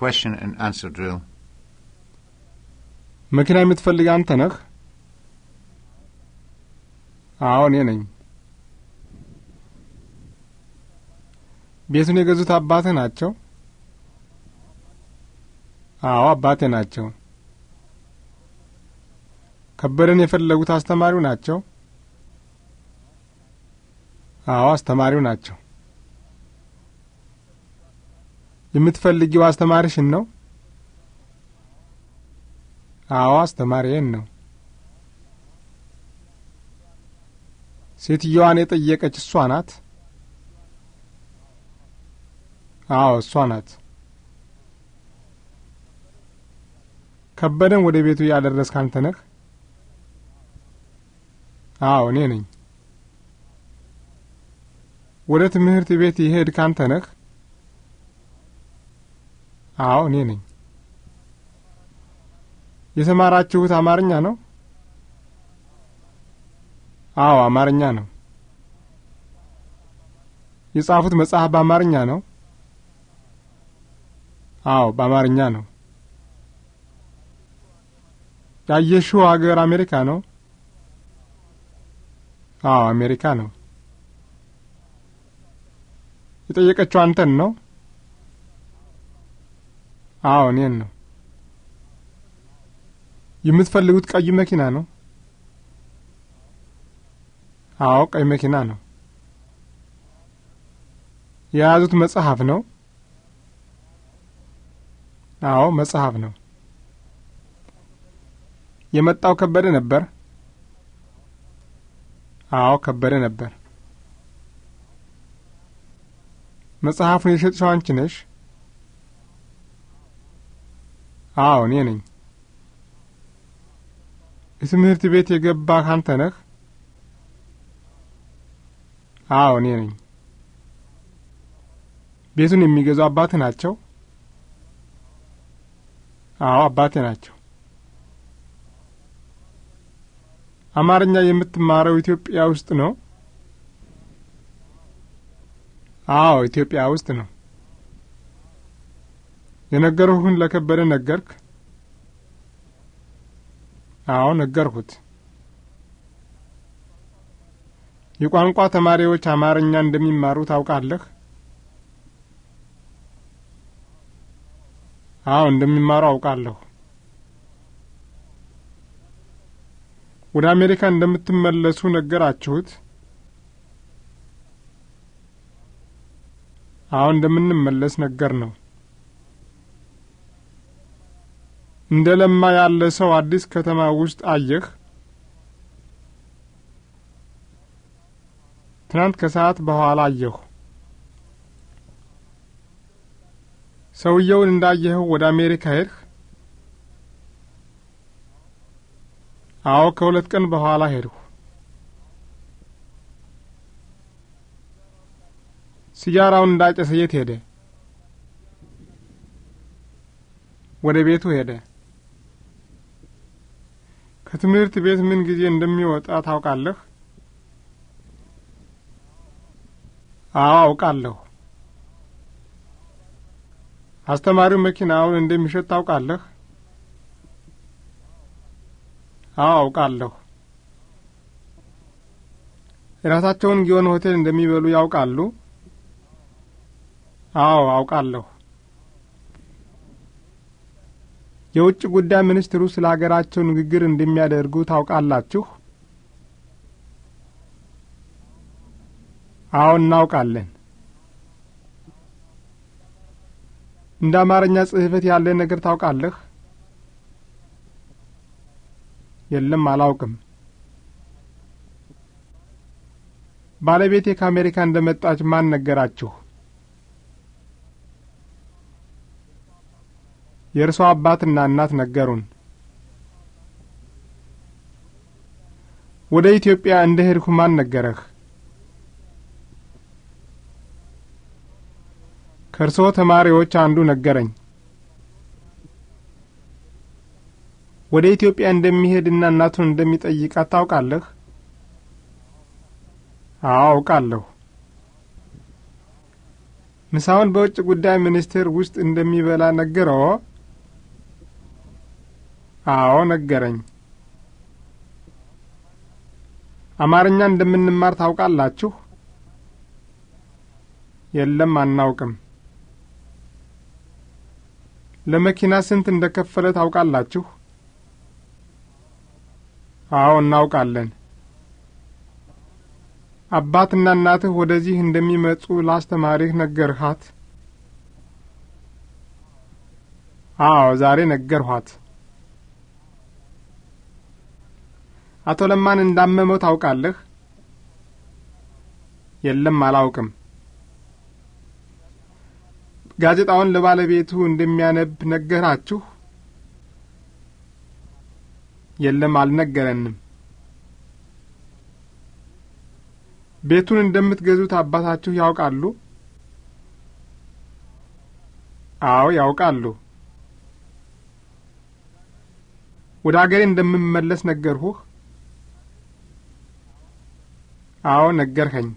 Question and answer drill. መኪና የምትፈልግ አንተ ነህ? አዎ እኔ ነኝ። ቤቱን የገዙት አባትህ ናቸው? አዎ አባቴ ናቸው። ከበደን የፈለጉት አስተማሪው ናቸው? አዎ አስተማሪው ናቸው። የምትፈልጊው አስተማሪሽን ነው? አዎ አስተማሪዬን ነው። ሴትየዋን የጠየቀች እሷ ናት? አዎ እሷ ናት። ከበደን ወደ ቤቱ ያደረስክ አንተ ነህ? አዎ እኔ ነኝ። ወደ ትምህርት ቤት ይሄድ ካንተ ነህ? አዎ እኔ ነኝ። የተማራችሁት አማርኛ ነው? አዎ አማርኛ ነው። የጻፉት መጽሐፍ በአማርኛ ነው? አዎ በአማርኛ ነው። ያየሽው አገር አሜሪካ ነው? አዎ አሜሪካ ነው። የጠየቀችው አንተን ነው? አዎ እኔን ነው። የምትፈልጉት ቀይ መኪና ነው? አዎ ቀይ መኪና ነው። የያዙት መጽሐፍ ነው? አዎ መጽሐፍ ነው። የመጣው ከበደ ነበር? አዎ ከበደ ነበር። መጽሐፉን የሸጥሽው አንቺ ነሽ? አዎ እኔ ነኝ። የትምህርት ቤት የገባህ አንተ ነህ? አዎ እኔ ነኝ። ቤቱን የሚገዙ አባትህ ናቸው? አዎ አባቴ ናቸው። አማርኛ የምትማረው ኢትዮጵያ ውስጥ ነው? አዎ ኢትዮጵያ ውስጥ ነው። የነገርሁህን ለከበደ ነገርክ? አዎ ነገርሁት። የቋንቋ ተማሪዎች አማርኛ እንደሚማሩ ታውቃለህ? አዎ እንደሚማሩ አውቃለሁ። ወደ አሜሪካ እንደምትመለሱ ነገራችሁት? አሁን እንደምንመለስ ነገር ነው። እንደ ለማ ያለ ሰው አዲስ ከተማ ውስጥ አየህ? ትናንት ከሰዓት በኋላ አየሁ። ሰውየውን እንዳየኸው ወደ አሜሪካ ሄድህ? አዎ፣ ከሁለት ቀን በኋላ ሄድሁ። ሲጋራውን እንዳጨሰ የት ሄደ? ወደ ቤቱ ሄደ። ከትምህርት ቤት ምን ጊዜ እንደሚወጣ ታውቃለህ? አዎ አውቃለሁ። አስተማሪው መኪናውን እንደሚሸጥ ታውቃለህ? አዎ አውቃለሁ። የራሳቸውን ጊዮን ሆቴል እንደሚበሉ ያውቃሉ? አዎ አውቃለሁ። የውጭ ጉዳይ ሚኒስትሩ ስለ አገራቸው ንግግር እንደሚያደርጉ ታውቃላችሁ? አዎ እናውቃለን። እንደ አማርኛ ጽሕፈት ያለ ነገር ታውቃለህ? የለም፣ አላውቅም። ባለቤቴ ከአሜሪካ እንደ መጣች ማን ነገራችሁ? የእርሶ አባትና እናት ነገሩን። ወደ ኢትዮጵያ እንደ ሄድሁ ማን ነገረህ? ከእርስዎ ተማሪዎች አንዱ ነገረኝ። ወደ ኢትዮጵያ እንደሚሄድና እናቱን እንደሚጠይቃት ታውቃለህ? አዎ አውቃለሁ። ምሳውን በውጭ ጉዳይ ሚኒስቴር ውስጥ እንደሚበላ ነገረው? አዎ ነገረኝ። አማርኛ እንደምንማር ታውቃላችሁ? የለም አናውቅም። ለመኪና ስንት እንደ ከፈለ ታውቃላችሁ? አዎ እናውቃለን። አባትና እናትህ ወደዚህ እንደሚመጹ ላስተማሪህ ነገርሃት? አዎ ዛሬ ነገርኋት። አቶ ለማን እንዳመመው ታውቃለህ? የለም አላውቅም። ጋዜጣውን ለባለቤቱ እንደሚያነብ ነገራችሁ? የለም አልነገረንም። ቤቱን እንደምትገዙት አባታችሁ ያውቃሉ? አዎ ያውቃሉ። ወደ አገሬ እንደምመለስ ነገርሁህ? አዎ ነገርኸኝ